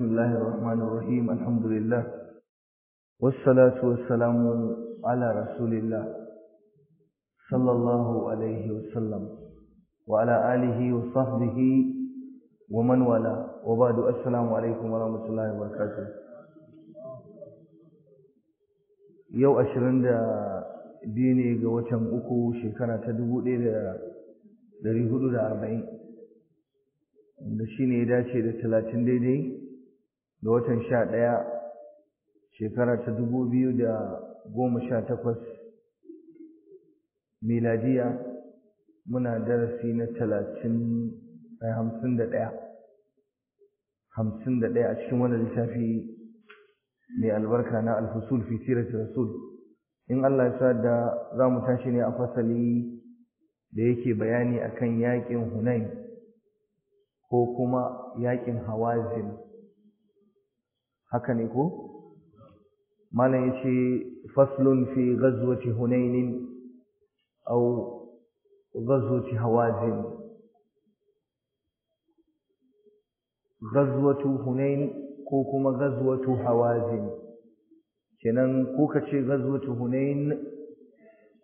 بسم الله الرحمن الرحيم الحمد لله والصلاة والسلام على رسول الله صلى الله عليه وسلم وعلى آله وصحبه ومن والاه وبعد السلام عليكم ورحمة الله وبركاته yau ashirin da biyu ne ga watan uku shekara ta dubu ɗaya da ɗari hudu da arba'in da shi ne ya dace da talatin daidai da watan sha ɗaya shekara ta dubu biyu da goma sha takwas miladiya muna darasi na talatin eh, hamsin da ɗaya hamsin da ɗaya a cikin wannan littafi mai albarka na alfusul fi sirati rasul in Allah ya sa da za mu tashi ne a fasali da yake bayani akan yaƙin hunain ko kuma yaƙin hawazin haka ne ko malam yace faslun fi ghazwati hunain au ghazwati hawazin ghazwatu hunain ko kuma ghazwatu hawazin kenan ko kace ghazwatu hunain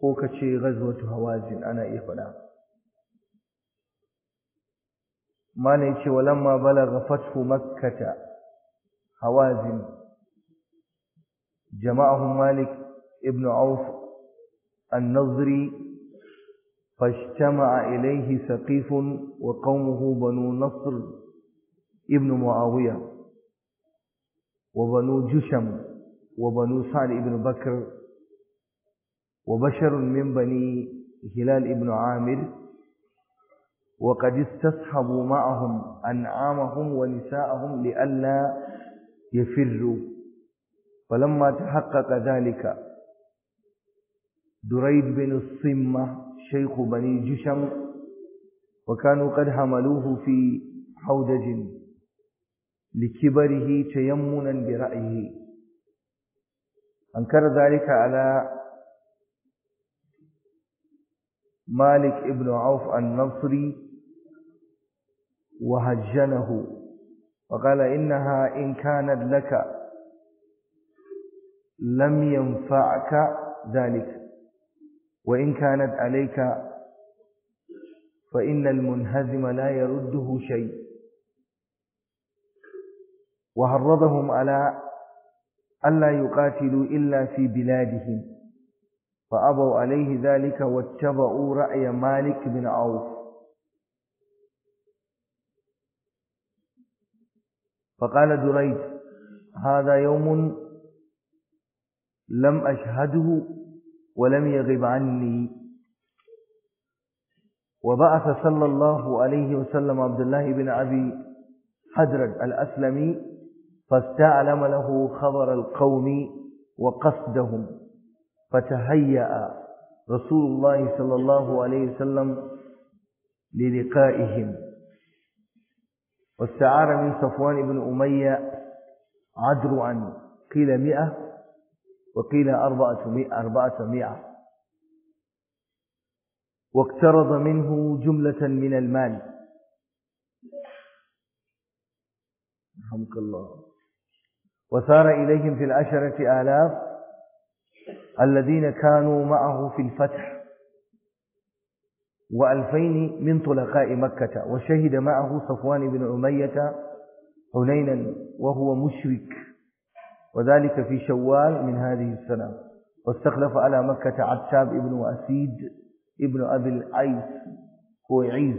ko kace ghazwatu hawazin ana iya faɗa mana ce, walamma balagha fathu makkata هوازن جمعهم مالك ابن عوف النظري فاجتمع إليه سقيف وقومه بنو نصر ابن معاوية وبنو جشم وبنو سعد بن بكر وبشر من بني هلال بن عامر وقد استصحبوا معهم أنعامهم ونساءهم لئلا يفر فلما تحقق ذلك دريد بن الصمة شيخ بني جشم وكانوا قد حملوه في حودج لكبره تيمنا برأيه أنكر ذلك على مالك ابن عوف النصري وهجنه وقال إنها إن كانت لك لم ينفعك ذلك وإن كانت عليك فإن المنهزم لا يرده شيء وهرضهم على ألا يقاتلوا إلا في بلادهم فأبوا عليه ذلك واتبعوا رأي مالك بن عوف فقال دريد هذا يوم لم أشهده ولم يغب عني وبعث صلى الله عليه وسلم عبد الله بن أبي حدرد الأسلمي فاستعلم له خبر القوم وقصدهم فتهيأ رسول الله صلى الله عليه وسلم للقائهم واستعار من صفوان بن أمية عدرعا قيل مئة وقيل أربعة مئة, أربعة مئة واقترض منه جملة من المال رحمك الله وسار إليهم في العشرة آلاف الذين كانوا معه في الفتح وألفين من طلقاء مكة وشهد معه صفوان بن أمية حنينا وهو مشرك وذلك في شوال من هذه السنة واستخلف على مكة عتاب بن أسيد ابن أبي العيس هو عيس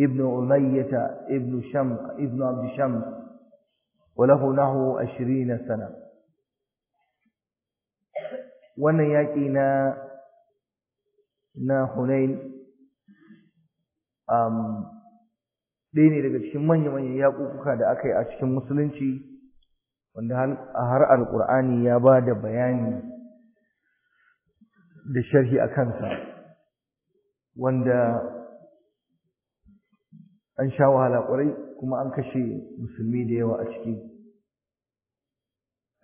ابن أمية ابن شمق ابن عبد شمس وله نحو عشرين سنة wannan نا حنين um ɗaya ne daga cikin manya-manyan yaƙuƙuka da aka yi a cikin musulunci wanda har alƙur'ani ya ba da bayani da sharhi a kansa wanda an sha wahala ƙwarai kuma an kashe musulmi da yawa a ciki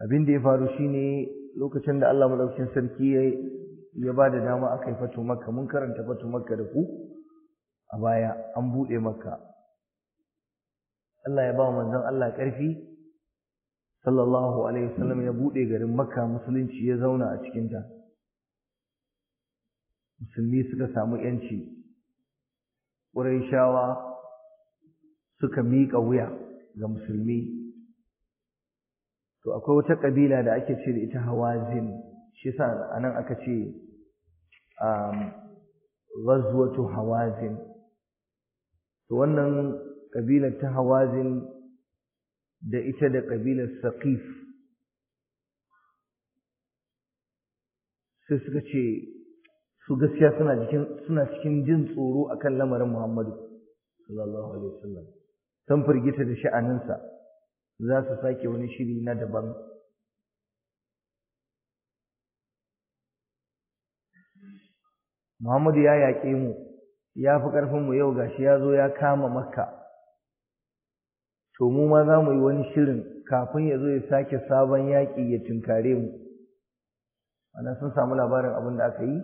abin da ya faru shi ne lokacin da Allah maɗaukacin sarki ya ba da dama aka yi fato maka mun karanta fato maka da ku a baya an buɗe maka Allah ya ba manzon Allah ƙarfi sallallahu alaihi wasallam ya buɗe garin makka musulunci ya zauna a cikinta musulmi suka samu yanci ƙurayshawa suka miƙa wuya ga musulmi to akwai wata ƙabila da ake ce da ita hawazin shi sa anan aka ce um, ghazwatu hawazin to wannan ƙabilar ta hawazin da ita da ƙabilar saqif sai suka ce su gaskiya suna cikin suna cikin jin tsoro akan lamarin Muhammadu sallallahu alaihi wasallam san firgita da sha'aninsa za su sake wani shiri na daban Muhammadu ya yaƙe mu ya fi ƙarfinmu yau gashi ya zo ya kama makka to mu ma za mu yi wani shirin kafin ya zo ya sake sabon yaƙi ya tunkare mu ana sun samu labarin abin da aka yi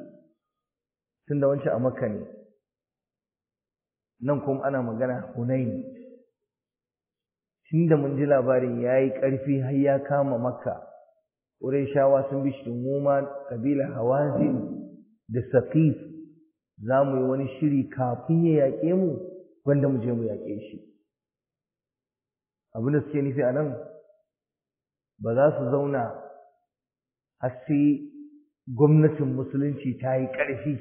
tun da wancan a makka ne nan kuma ana magana hunain tun da mun ji labarin ya yi ƙarfi har ya kama makka ƙurai shawa sun bi shi mu ma ƙabilar hawazin da saƙif za mu yi wani shiri kafin ya yaƙe mu wanda mu je mu yaƙe shi abinda da suke nufi a nan ba za su zauna har sai gwamnatin musulunci ta yi ƙarfi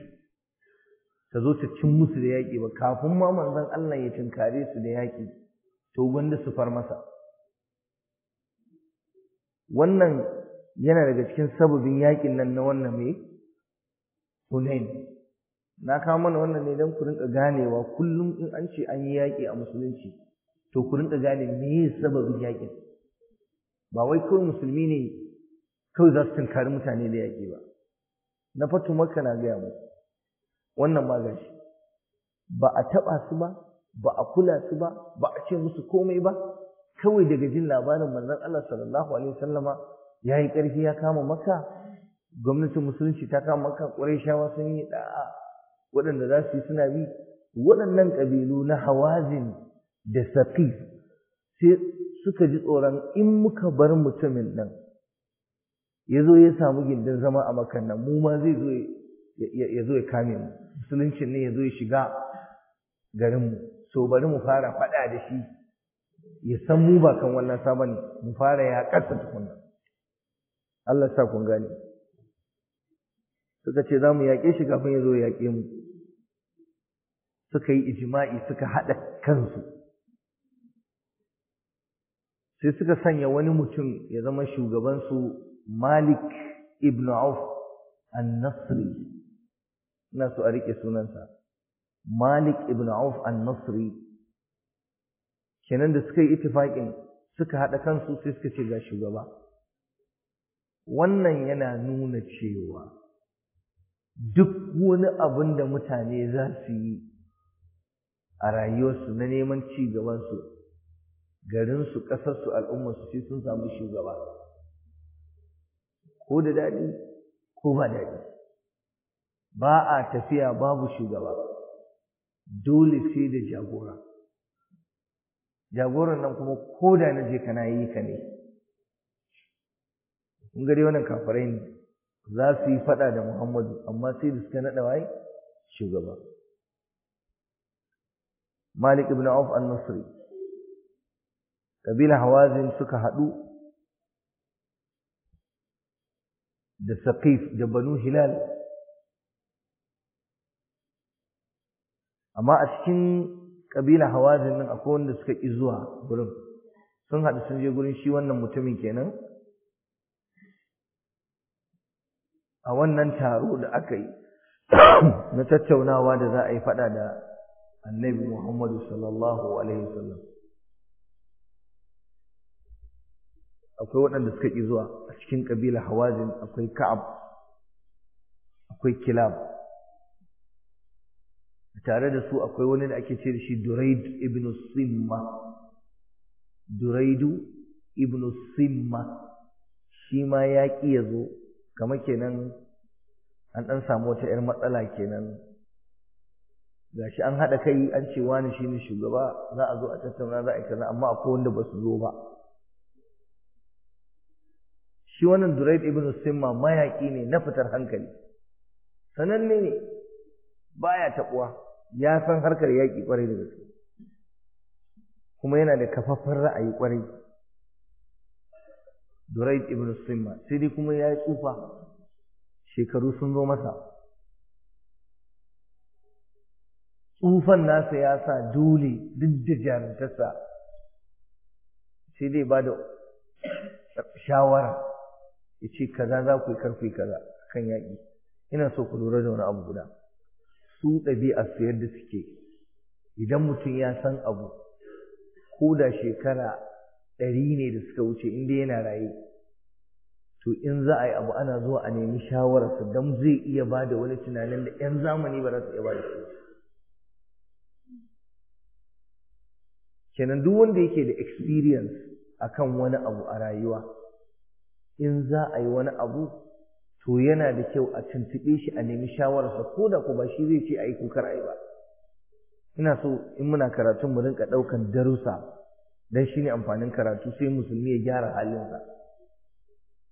ta zo ta cin musu da yaƙi ba kafin ma manzon Allah ya tunkare su da yaƙi to gwanda su far masa wannan yana daga cikin sababin yaƙin nan na wannan mai Hunain na kawo mana wannan ne don ku rinka ganewa kullum in an ce an yi yaƙi a musulunci to ku rinka gane me ya sababin yaƙin ba wai kawai musulmi ne kawai za su tunkari mutane da yaƙi ba na fatu maka na gaya muku wannan ma gashi ba a taɓa su ba ba a kula su ba ba a ce musu komai ba kawai daga jin labarin manzon Allah sallallahu alaihi wasallama ya yi ƙarfi ya kama maka gwamnatin musulunci ta kama maka ƙwarai shawa sun yi da'a waɗanda za su yi suna bi waɗannan ƙabilu na hawazin da Safi sai suka ji tsoron in muka bar mutumin nan ya zo ya samu gindin zama a makan nan mu ma zai zo ya zo ya kame mu musuluncin ne ya zo ya shiga garinmu so bari mu fara faɗa da shi ya san mu ba kan wannan sabon mu fara ya ƙasa tukunna Allah sa kun gane suka ce za mu yaƙe shi kafin ya zo yaƙe mu suka yi ijima'i suka haɗa kansu sai suka sanya wani mutum ya zama shugabansu malik ibn auf an-nasri ina so a riƙe sunansa malik ibn auf an-nasri kenan da suka yi itifaƙin suka haɗa kansu sai suka ce ga shugaba wannan yana nuna cewa duk wani abin da mutane za su yi a rayuwarsu na neman ci gabansu garinsu ƙasarsu al'ummarsu sai sun samu shugaba ko da daɗi ko ba daɗi ba a tafiya babu shugaba dole sai da jagora jagoran nan kuma ko da na je kana yi ka ne kun gari wannan kafirai ne za su yi faɗa da Muhammadu amma sai da suka naɗa wai shugaba Malik ibn Auf al-Nasri kabila Hawazin suka hadu da Saqif da Banu Hilal amma a cikin kabila Hawazin nan akwai wanda suka ki zuwa gurin sun haɗu sun je gurin shi wannan mutumin kenan a wannan taro da aka yi na tattaunawa da za a yi fada da annabi Muhammadu sallallahu alaihi wasallam akwai waɗanda suka ƙi zuwa a cikin ƙabila hawazin akwai ka'ab akwai kilab tare da su akwai wani da ake ce da shi duraid ibn simma duraidu ibn simma shi ma ya ƙi ya zo kamar kenan an ɗan samu wata 'yar matsala kenan gashi an haɗa kai an ce wani shine shugaba za a zo a tattauna za a yi kaza amma akwai wanda ba su zo ba shi wannan Duraid ibn Simma mayaƙi ne na fitar hankali sananne ne baya taɓuwa ya san harkar yaƙi ƙwarai da gaske kuma yana da kafafen ra'ayi ƙwarai Duraid ibn Simma sai dai kuma ya yi tsufa shekaru sun zo masa tsufan nasa ya sa dole duk da jarantarsa sai dai ba da shawara ya ce kaza za ku yi karfe kaza kan yaƙi ina so ku lura da wani abu guda su ɗabi'a su da suke idan mutum ya san abu ko da shekara ɗari ne da suka wuce in dai yana raye to in za a yi abu ana zuwa a nemi shawararsa don zai iya ba da wani tunanin da 'yan zamani ba za su iya ba da shi kenan duk wanda yake da experience akan wani abu a rayuwa in za a yi wani abu to yana da kyau a tuntuɓe shi a nemi shawararsa ko da ku ba shi zai ce a yi kukar a ba ina so in muna karatun mu rinka ɗaukan darussa dan shine amfanin karatu sai musulmi ya gyara halinsa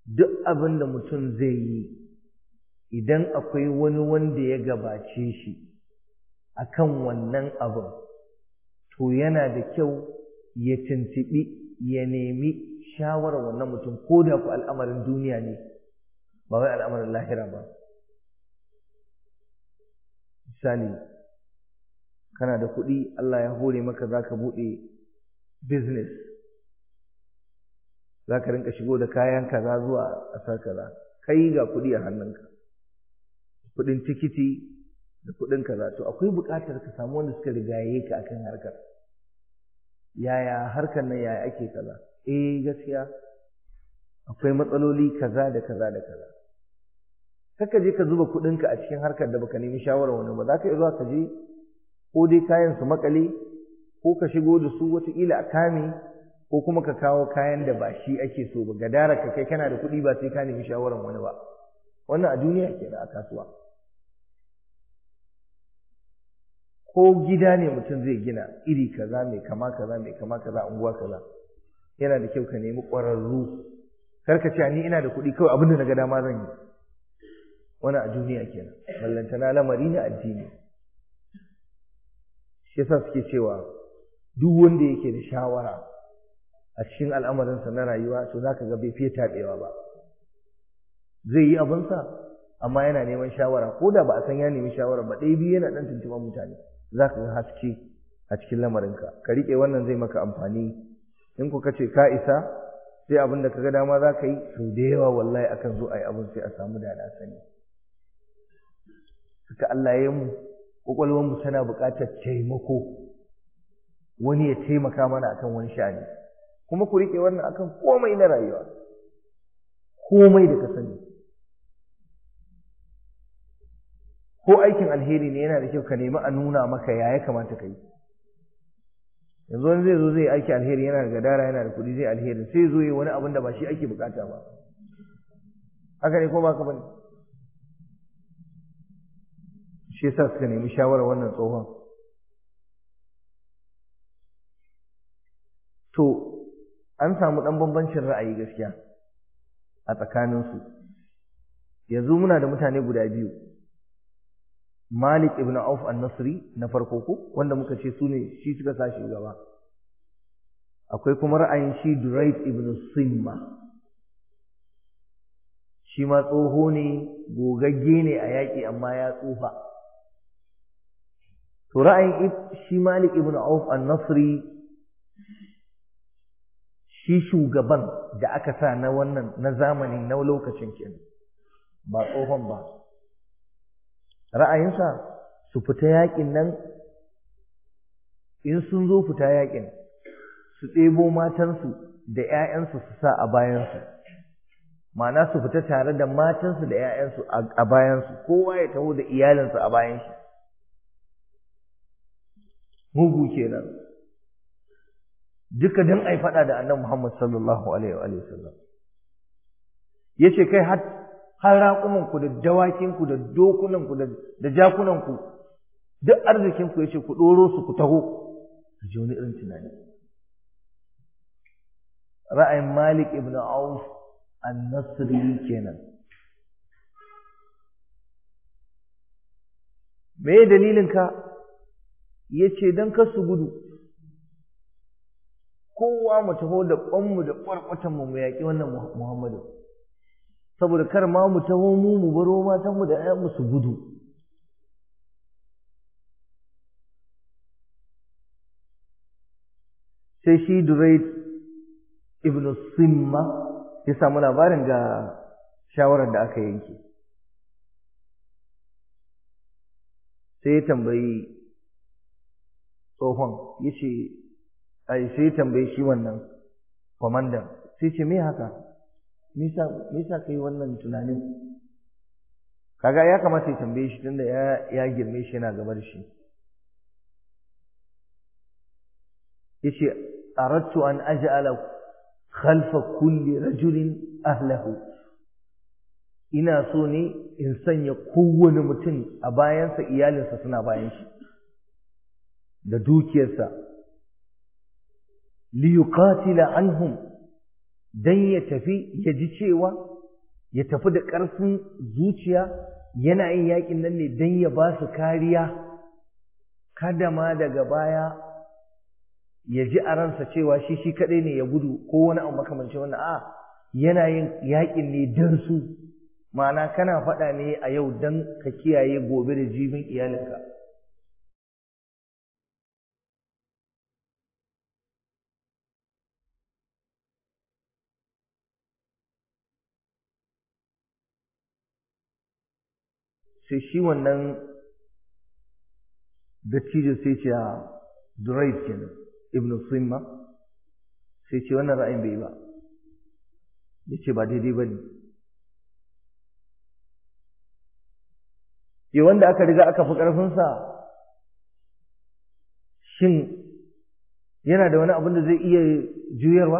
duk abin da mutum zai yi idan akwai wani wanda ya gabace shi akan wannan abin to yana da kyau ya tuntuɓi ya nemi shawarar wannan mutum ko da ku al'amarin duniya ne ba wai al'amarin lahira ba misali kana da kuɗi Allah ya hore maka za ka buɗe business za ka rinka shigo da kayan kaza zuwa a kaza kai ga kuɗi a hannunka kuɗin tikiti da kuɗin kaza to akwai buƙatar ka samu wanda suka rigaye ka akan harkar yaya harkar nan yaya ake kaza eh gaskiya akwai matsaloli kaza da kaza da kaza kaka je ka zuba kuɗinka a cikin harkar da baka nemi shawarar wani ba za ka iya zuwa ka je ko dai kayan su makale ko ka shigo da su wataƙila a kame ko kuma ka kawo kayan da ba shi ake so ba gadara ka kai kana da kuɗi ba sai ka nemi shawaran wani ba wannan a duniya ke da a kasuwa ko gida ne mutum zai gina iri kaza mai kama kaza mai kama kaza unguwa kaza yana da kyau ka nemi ƙwararru kar ka ce ni ina da kuɗi kawai abin da na ga dama zan yi wani a duniya kenan ballantana lamari ne addini shi yasa suke cewa duk wanda yake da shawara a cikin al'amarinsa na rayuwa to za ka ga bai fiye taɓewa ba zai yi abinsa amma yana neman shawara ko da ba a san ya nemi shawara ba ɗaya biyu yana ɗan tuntuɓar mutane za ka ga haske a cikin lamarinka ka riƙe wannan zai maka amfani in ka ce ka isa sai abin da ka ga dama za ka yi sau da yawa wallahi akan zo a yi abin sai a samu da na sani ka Allah ya mu mu tana buƙatar taimako wani ya taimaka mana akan wani sha'ani kuma ku rike wannan akan komai na rayuwa komai da ka sani ko aikin alheri ne yana da kyau ka nemi a nuna maka ya ya kamata ka yi yanzu wani zai zo zai aiki alheri yana da gadara yana da kuɗi zai alheri sai zo yi wani abin da ba shi ake bukata ba haka ne ko ba ka bane shi yasa suka nemi shawarar wannan tsohon to an samu ɗan bambancin ra'ayi gaskiya a tsakaninsu yanzu muna da mutane guda biyu malik ibn auf an-nasri na farko ko wanda muka ce su ne shi suka sashi gaba akwai kuma ra'ayin shi durayt ibn simma shi ma tsoho ne gogagge ne a yaƙi amma ya tsufa to ra'ayin shi malik ibn auf an-nasri shi shugaban da aka sa na wannan na zamani na lokacin kenan ba tsohon ba ra'ayinsa su fita yaƙin nan in sun zo fita yaƙin su ɗebo matansu da 'ya'yansu su sa a bayansu ma'ana su fita tare da matansu da 'ya'yansu a bayansu kowa ya taho da iyalinsu a bayan shi mugu kenan duka a yi faɗa da annabi Muhammad sallallahu alaihi wa sallam ce kai har har da dawakinku, da dokunanku da jakunanku, duk arzikinku, ya ce ku ɗoro su ku taho ku ji wani irin tunani ra'ayin Malik ibn Auf an-Nasri kenan me dalilin ka Ya ce, kar su gudu kowa mu taho da ƙwanmu da ƙwarƙwatan mu mu yaƙi wannan Muhammadu saboda kar ma mu taho mu mu baro matan mu da ƴaƴan su gudu sai shi Durait ibn Simma ya samu labarin ga shawarar da aka yanke sai ya tambayi tsohon ya ce ai sai tambaye shi wannan kwamandan sai ce me haka nisa nisa kai wannan tunanin kaga ya kamata ya tambaye shi tunda ya ya girme shi yana gabar shi yace aradtu an aj'ala khalfa kulli rajulin ahlahu ina so ne in sanya kowane mutum a bayansa iyalinsa suna bayan shi da dukiyarsa Liukati anhum dan ya tafi ya ji cewa ya tafi da ƙarfin zuciya yana yin yakin nan ne dan ya ba su kariya kada ma daga baya ya ji a ransa cewa shi shi kaɗai ne ya gudu ko wani abu makamancin wannan a yana yin yakin ne dan su ma'ana kana faɗa ne a yau dan ka kiyaye gobe da jibin iyalinka sai shi wannan dattijo sai ce a ah, Durayt kenan Ibn Sima sai ce wannan ra'ayin bai ba ya ce ba daidai ba ne ya wanda aka riga aka fi ƙarfinsa shin yana da wani abin da zai iya juyarwa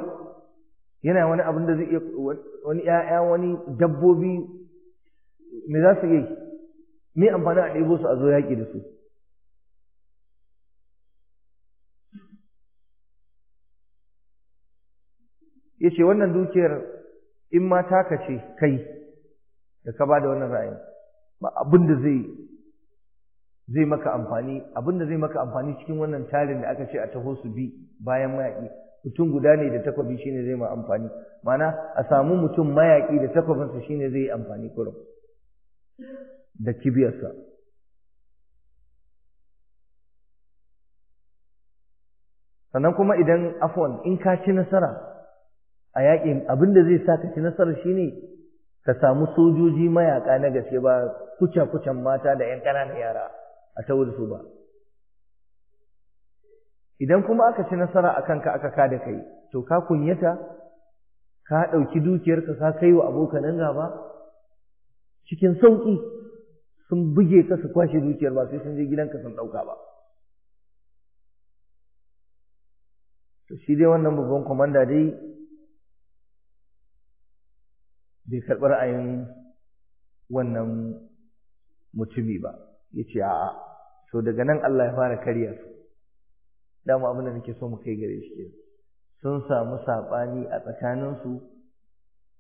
yana wani abin da zai iya wani ‘ya'ya wani dabbobi me za su yi me amfani a ɗebo su a zo yaƙi da su ya ce wannan dukiyar in ma taka ce kai da ka ba da wannan ra'ayin ba abin da zai zai maka amfani abin da zai maka amfani cikin wannan tarin da aka ce a taho su bi bayan mayaƙi mutum guda ne da takwabi shine zai ma amfani ma'ana a samu mutum mayaki da takwabinsa shine zai yi amfani kurum da kibiyarsa sannan kuma idan afon in ka ci nasara a yaƙin abin da zai sa ka ci nasara shine ka samu sojoji mayaƙa na gaske ba kuce-kucen mata da 'yan ƙananan yara a ta su ba idan kuma aka ci nasara a kanka aka kada kai to ka kunyata ka ɗauki dukiyarka ka kai wa abokanan gaba cikin sauƙi sun buge ka su kwashe dukiyar ba sai sun je gidanka sun ɗauka ba to shi dai wannan babban kwamanda dai bai karɓi ra'ayin wannan mutumi ba ya ce a'a to daga nan Allah ya fara karya su dama abin da nake so mu kai gare shi sun samu saɓani a tsakaninsu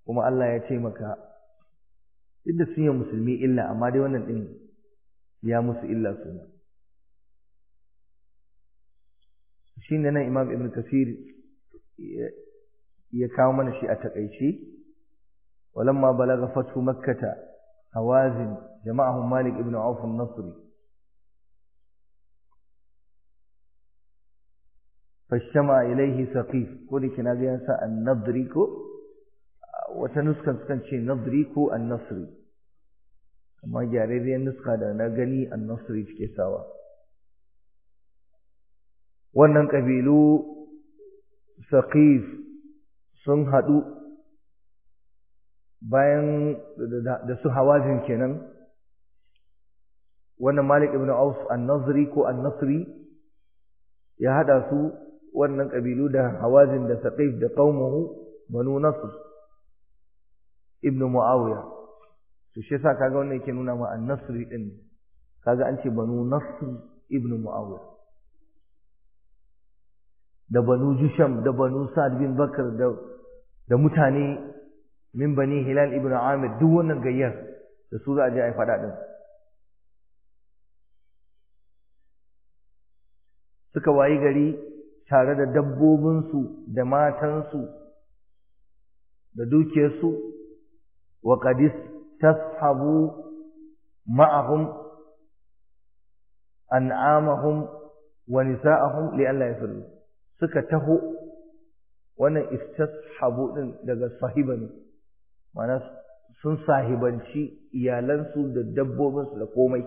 kuma Allah ya taimaka duk da sun yi musulmi illa amma dai wannan ɗin ya musu illa suna shi ne nan imam ibn kasir ya kawo mana shi a takaice walamma balaga Fatu, makkata hawazin jama'ahum malik ibn auf an-nasri فاجتمع إليه ثقيف قولي كنا بيانسا النضري كو wata nuskan sukan ce nadri ko annasri amma gyararriyar nuska da na gani annasri suke sawa wannan ƙabilu saqif sun haɗu bayan da su hawazin kenan wannan malik ibn aus annasri ko annasri ya haɗa su wannan ƙabilu da hawazin da saqif da qaumuhu banu nasr ibnu muawiya to shi yasa kaga wannan yake nuna ma an-nasri din kaga an ce banu nasr ibnu muawiya da banu jusham da banu sa'd bin bakr da da mutane min bani hilal ibnu amir duk wannan gayyar da su za a je a yi din suka wayi gari tare da dabbobinsu da matansu da dukiyarsu wa qadis tashabu ma'ahum an'amahum wa nisa'ahum li alla yafirru suka taho wannan istashabu din daga sahiba mana sun sahibanci iyalansu da dabbobinsu da komai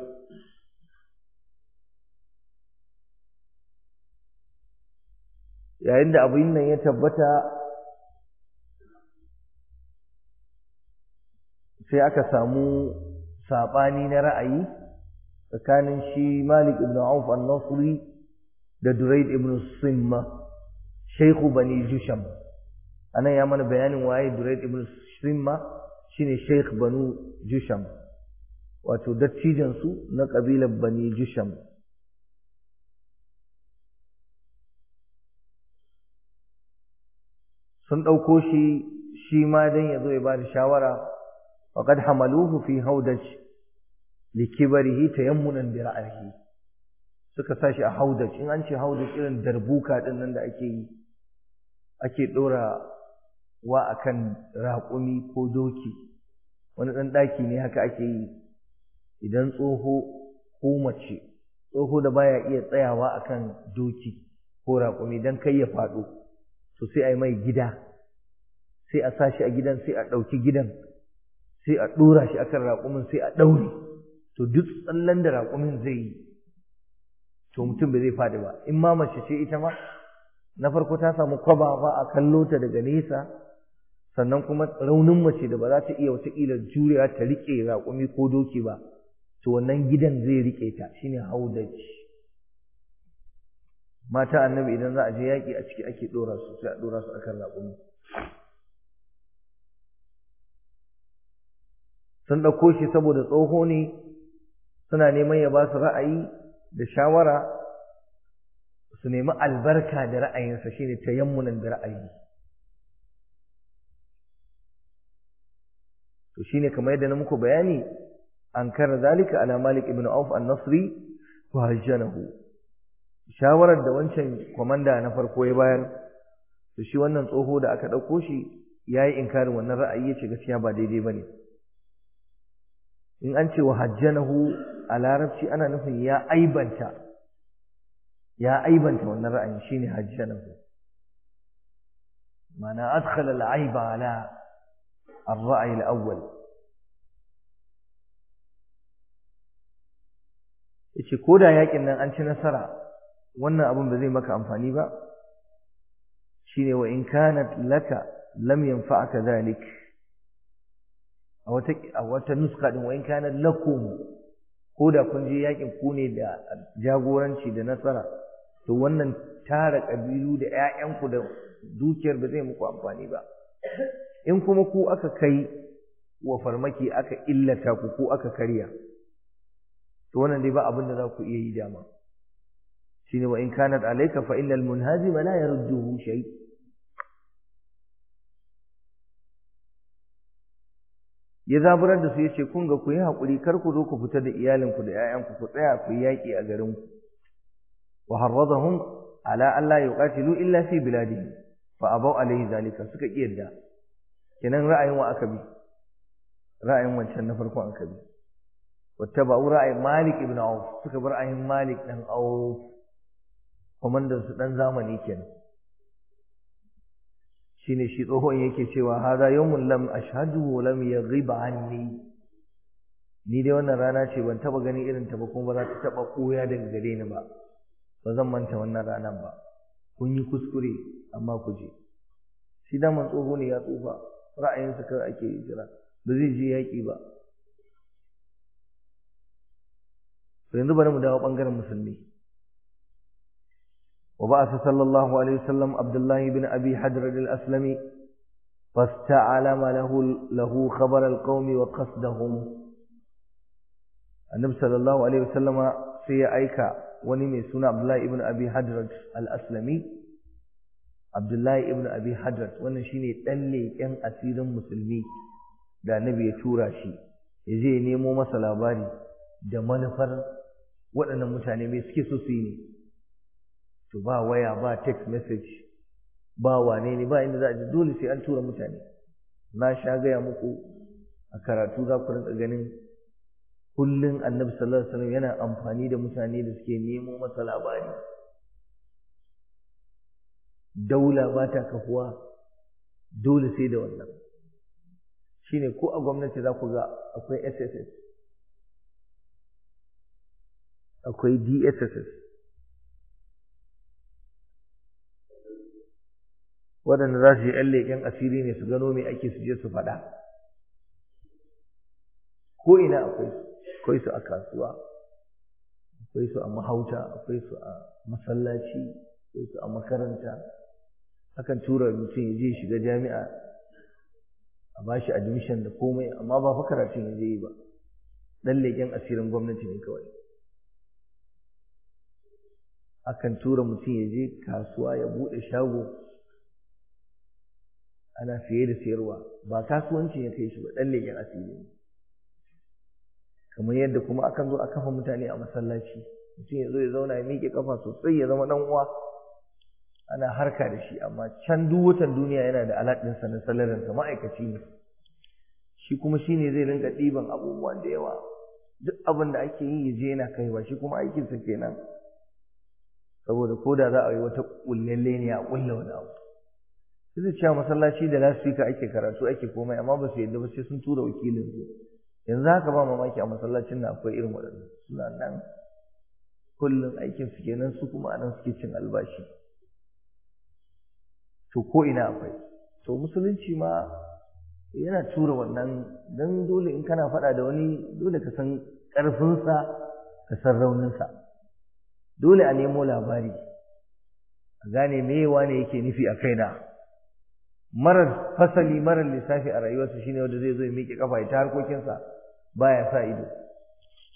yayin da abin nan ya tabbata sai aka samu saɓani na ra'ayi tsakanin shi malik ibn auf al-nasri da Durayd ibn simma Sheikhu bani jusham anan ya mana bayanin waye Durayd ibn simma shine Sheikh banu jusham wato su na kabilar bani jusham sun ɗauko shi shi ma dan ya zo ya bada shawara وقد حملوه في هودج likibarihi tayammunan bi ra'ayihi suka sashi a haudaj in an ce haudaj irin darbuka din nan da ake yi ake dora wa akan raƙumi ko doki wani ɗan ɗaki ne haka ake yi idan tsoho ko mace tsoho da baya iya tsayawa akan doki ko raƙumi dan kai ya faɗo to sai a yi mai gida sai a sashi a gidan sai a ɗauki gidan sai a ɗora shi akan raƙumin sai a ɗaure to duk tsallan da raƙumin zai yi to mutum ba zai faɗi ba in ma mace ce ita ma na farko ta samu kwaba ba a kallo ta daga nesa sannan kuma raunin mace da ba za ta iya wataƙila jurewa ta riƙe raƙumi ko doki ba to wannan gidan zai riƙe ta shine haudaci mata annabi idan za a je yaƙi a ciki ake ɗora su sai a ɗora su akan raƙumi sun ɗauko shi saboda tsoho ne suna neman ya ba su ra'ayi da shawara su nemi albarka da ra'ayinsa shi ne tayammunan da ra'ayi to shi ne kamar yadda na muku bayani an kara zalika ala malik ibn auf an-nasri wa hajjanahu shawarar da wancan kwamanda na farko ya bayar to shi wannan tsoho da aka ɗauko shi ya yi inkarin wannan ra'ayi ya ce gaskiya ba daidai ba ne in an ce wa hajjanahu a larabci ana nufin ya aibanta ya aibanta wannan ra'ayin shine hajjanahu ma'ana adkhala al-aiba ala ar-ra'yi al-awwal yace koda yakin nan an ci nasara wannan abun ba zai maka amfani ba shine wa in kanat laka lam yanfa'aka dhalik a wata a wata nuska din wayin kana lakum ko da kun je yakin ku ne da jagoranci da nasara to wannan tara kabilu da 'ya'yanku da dukiyar ba zai muku amfani ba in kuma ku aka kai wa farmaki aka illata ku ko aka karya to wannan dai ba abin da za ku iya yi dama shine wa in kanat alayka fa innal munhazima la yarduhu shay'a ya zaburar da su ya ce kun ga ku yi haƙuri kar ku zo ku fita da iyalinku da 'ya'yanku ku tsaya ku yi yaƙi a garin ku wa harradahum ala Allah alla yuqatilu illa fi biladihi fa abaw alayhi zalika suka yadda. kenan ra'ayin wa aka bi ra'ayin wancan na farko aka bi wattaba'u ra'ayin Malik ibn Auf suka bar ra'ayin Malik dan Auf komandan su dan zamani kenan shine shi tsohon yake cewa hadha yawmun lam ashhadu lam yaghib anni ni dai wannan rana ce ban taba gani irin ta ba kuma ba za ta taba koya daga gare ni ba ba zan manta wannan ranar ba kun yi kuskure amma ku je shi da tsoho ne ya tsufa ra'ayinsa kar ake jira ba zai je yaƙi ba yanzu bari mu dawo ɓangaren musulmi وبعث صلى الله عليه وسلم عبد الله بن أبي حجر الأسلمي فاستعلم له له خبر القوم وقصدهم النبي صلى الله عليه وسلم سي أيكا ونمي سنة عبد الله بن أبي حجر الأسلمي عبد الله بن أبي حجر ونشيني تلي كان أسير مسلمي da annabi ya tura shi ya je nemo masa labari da manufar waɗannan mutane mai suke so su yi ne to ba waya ba text message ba wane ne ba inda za a ji dole sai an tura mutane na sha gaya muku a karatu za ku rinka ganin kullum annabi sallallahu alaihi wasallam yana amfani da mutane da suke nemo masa labari daula ba ta kafuwa dole sai da wannan shine ko a gwamnati za ku ga akwai sss akwai dsss waɗanda za su yi ƴan leƙen asiri ne su gano me ake su je su faɗa ko ina akwai akwai su a kasuwa akwai su a mahauta akwai su a masallaci akwai su a makaranta akan tura mutum ya je shiga jami'a a ba shi admission da komai amma ba fa karatun ya je yi ba ɗan leƙen asirin gwamnati ne kawai akan tura mutum ya je kasuwa ya buɗe shago ana siye da sayarwa ba kasuwanci ya kai shi ba ɗan leƙen asiri ne kamar yadda kuma akan zo a kafa mutane a masallaci mutum ya zo ya zauna ya miƙe kafa sosai ya zama ɗan uwa ana harka da shi amma can duk watan duniya yana da alaƙinsa na salarinsa ma'aikaci ne shi kuma shi ne zai rinka ɗiban abubuwa da yawa duk abin da ake yi ya je yana ba shi kuma aikinsa kenan saboda ko da za a yi wata ne a ƙulla wani abu sai cewa masallaci da lasfika ake karatu ake komai amma ba su yadda ba sai sun tura wakilin su yanzu haka ba mamaki a masallacin na akwai irin waɗannan suna nan kullum aikin su kenan su kuma anan suke cin albashi to ko ina akwai to musulunci ma yana tura wannan dan dole in kana faɗa da wani dole ka san ƙarfinsa ka san rauninsa dole a nemo labari a gane me ne yake nufi a kaina marar fasali marar lissafi a rayuwarsa shine wanda zai zo ya miƙe kafa ya ta harkokinsa baya sa ido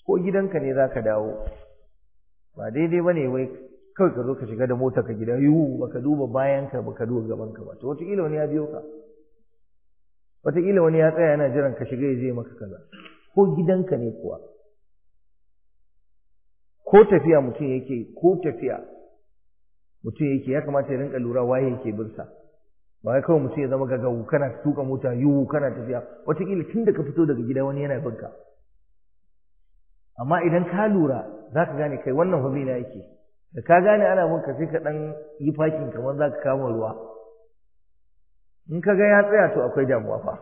ko gidanka ne zaka dawo ba daidai bane wai kawai ka zo ka shiga da mota ka gida yiwu baka duba bayanka baka duba gabanka ba to wataƙila wani ya biyo ka wataƙila wani ya tsaya yana jiran ka shiga ya je maka kaza ko gidanka ne kuwa ko tafiya mutum yake ko tafiya mutum yake ya kamata ya rinka lura waye yake bin sa ba kawai mutum ya zama gagawu kana tuka mota yiwu kana tafiya wataƙila tun da ka fito daga gida wani yana binka amma idan ka lura za ka gane kai wannan fa na yake da ka gane ana binka sai ka ɗan yi fakin kamar za ka kama ruwa in ka ga ya tsaya to akwai damuwa fa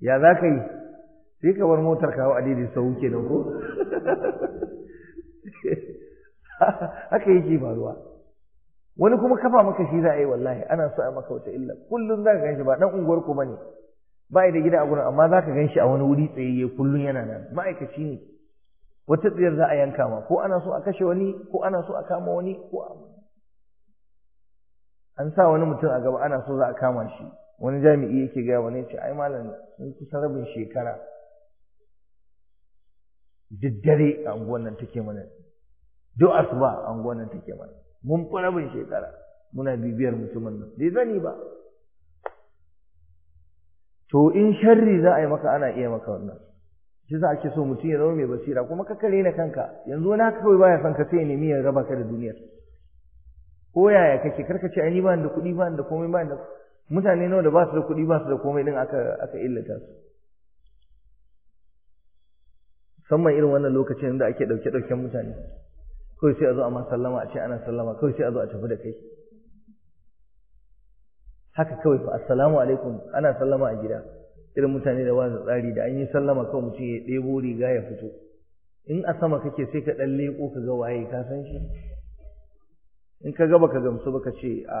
ya za ka yi sai ka bar motar kawo a daidai sau kenan ko haka yake faruwa wani kuma kafa maka shi za a yi wallahi ana so a maka wata illa kullum za ka gan shi ba ɗan unguwar ku ne. ba da gida a gurin amma za ka gan shi a wani wuri tsayayye kullum yana nan ma'aikaci ne wata tsayar za a yanka ma ko ana so a kashe wani ko ana so a kama wani ko a an sa wani mutum a gaba ana so za a kama shi wani jami'i yake gaya wani ce ai malam sun kusa rabin shekara daddare a unguwan nan take mana duk asuba a unguwan nan take mana mun fi rabin shekara muna bibiyar mutumin nan bai zani ba to in sharri za a yi maka ana iya maka wannan shi za a ke so mutum ya zama mai basira kuma ka kare na kanka yanzu wani haka kawai baya son ka sai nemi ya raba ka da duniyar ko yaya kake karka ce ni ba da kuɗi ba da komai ba da mutane nawa da ba su da kuɗi ba su da komai din aka aka illata su musamman irin wannan lokacin da ake ɗauke-ɗauken mutane kawai sai a zo a ma sallama a ce ana sallama kawai sai a zo a tafi da kai haka kawai fa assalamu alaikum ana sallama a gida irin mutane da wani tsari da an yi sallama kawai mutum ya ɗebo riga ya fito in a sama kake sai ka ɗan leƙo ka ga waye ka san shi in ka gaba ka gamsu ba ka ce a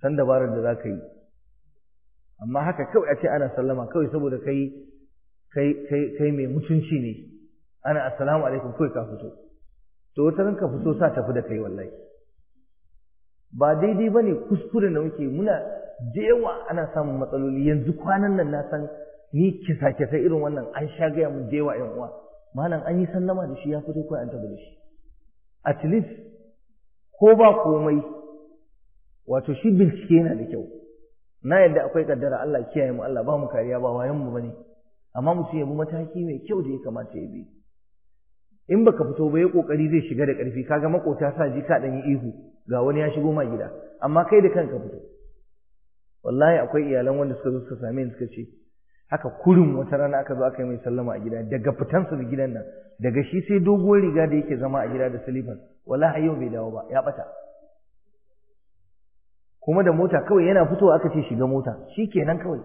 san dabarar da za ka yi amma haka kawai a ce ana sallama kawai saboda kai kai kai mai mutunci ne ana assalamu alaikum kai ka fito to wata ranka fito sa tafi da kai wallahi ba daidai ba ne na muke muna da yawa ana samun matsaloli yanzu kwanan nan na san ni kisa-kisa irin wannan an sha gaya mun da yawa uwa malam an yi sallama da shi ya fito kawai an taba da shi at least ko ba komai wato shi bincike yana da kyau na yadda akwai kaddara Allah kiyaye mu Allah ba mu kariya ba wayan mu bane amma mutum ya bi mataki mai kyau da ya kamata ya bi in baka fito ba ya kokari zai shiga da karfi kaga makota sa ji ka dan yi ihu ga wani ya shigo ma gida amma kai da kanka fito wallahi akwai iyalan wanda suka zo suka same ni suka ce haka kurin wata rana aka zo aka yi mai sallama a gida daga fitan su gidan nan daga shi sai doguwar riga da yake zama a gida da silifan wallahi yau bai dawo ba ya bata kuma da mota kawai yana fitowa aka ce shiga mota shi kenan kawai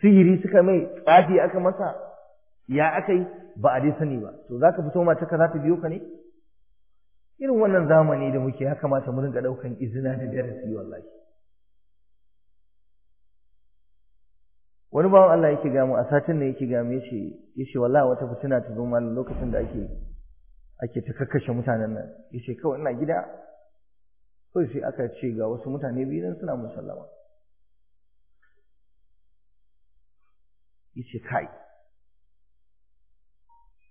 sihiri suka mai tsafi aka masa ya aka yi ba a dai sani ba to za ka fito ka za ta biyo ka ne irin wannan zamani da muke ya kamata mu rinka ɗaukan izina da darasi wallahi wani bawan Allah yake gamu a satin da yake gamu yace yace wallahi wata fitina ta zo mallan lokacin da ake ake ta kakkashe mutanen nan yace kawai ina gida kawai sai aka ce ga wasu mutane biyu nan suna musallama yace kai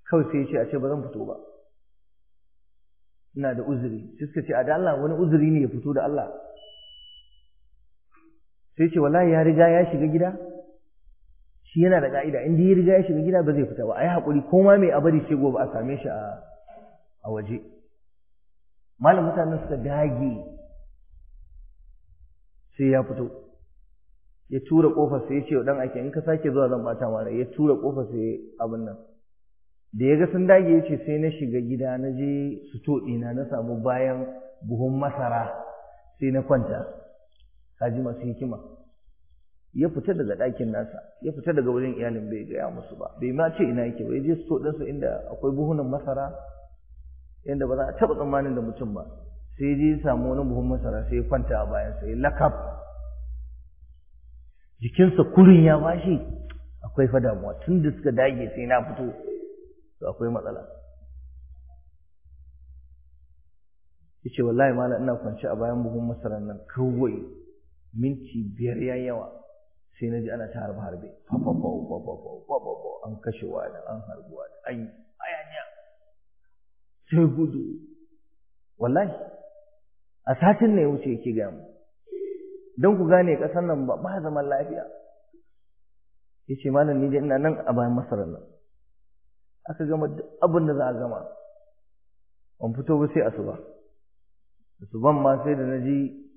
kawai sai ya ce a ce ba zan fito ba ina da uzuri sai suka ce a da Allah wani uzuri ne ya fito da Allah sai ce wallahi ya riga ya shiga gida shi yana da ka'ida inda ya riga ya shiga gida ba zai fita ba a yi haƙuri ko ma mai abari ce gobe a same shi a waje malam mutanen suka dage sai ya fito ya tura kofar sai ya ce wa ɗan ake in ka sake zuwa zan bata mara ya tura kofar sai abin nan da ya ga sun dage ya ce sai na shiga gida na je to ina na samu bayan buhun masara sai na kwanta kaji masu hikima ya fita daga ɗakin nasa ya fita daga wajen iyalin bai gaya musu ba bai ma ce ina yake ya je to ɗansa inda akwai buhunan masara yadda ba za a taɓa tsammanin da mutum ba sai je samu wani buhun masara sai ya kwanta a bayan sai lakab jikinsa kurin ya bashi akwai fa damuwa tun da suka dage sai na fito to akwai matsala yace wallahi malam ina kwance a bayan buhun masaran nan kawai minti biyar yayin yawa sai na ji ana ta harbe harbe an kashe wani an harbi wani an hayaniya sai gudu wallahi a satin ne wuce yake gaya mu don ku gane ƙasar nan ba ba zaman lafiya yace malam ni dai ina nan a bayan masarar nan aka gama abin da za a gama ban fito ba sai asuba asuban ma sai da na ji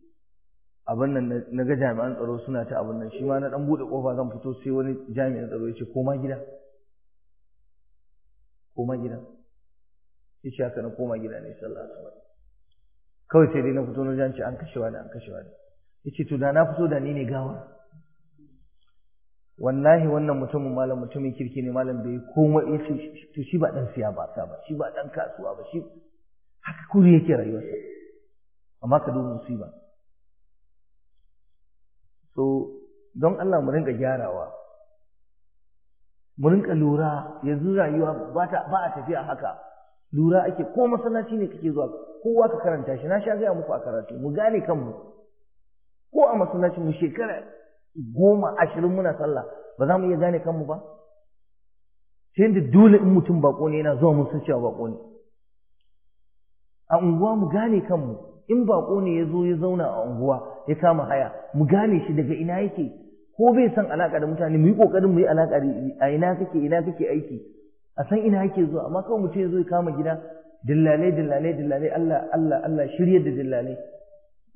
abin nan na ga jami'an tsaro suna ta abin nan shi ma na dan bude kofa zan fito sai wani jami'an tsaro ya ce koma gida koma gida ce haka na koma gida ne sallah asuba kawai sai dai na fito na ce an kashewa ne an kashewa ne yace to da na fito da ni ne gawa wallahi wannan mutumin malam mutumin kirki ne malam bai komai in shi to shi ba dan siya ba ba. shi ba dan kasuwa ba shi haka kuri yake rayuwarsa amma ka duba musiba so don Allah mu rinka gyarawa mu rinka lura yanzu rayuwa ba ta ba a tafiya haka lura ake ko masallaci ne kake zuwa kowa ka karanta shi na sha gaya muku a karatu mu gane kanmu ko a masallaci mu shekara goma ashirin muna sallah ba za mu iya gane kanmu ba sai da dole in mutum bako ne yana zuwa mun san cewa bako ne a unguwa mu gane kanmu in bako ne ya zo ya zauna a unguwa ya kama haya mu gane shi daga ina yake ko bai san alaka da mutane mu yi kokarin mu yi alaka a ina kake ina kake aiki a san ina yake zuwa amma kawai mutum ya zo ya kama gida dillalai dillalai dillalai Allah Allah Allah shiryar da dillalai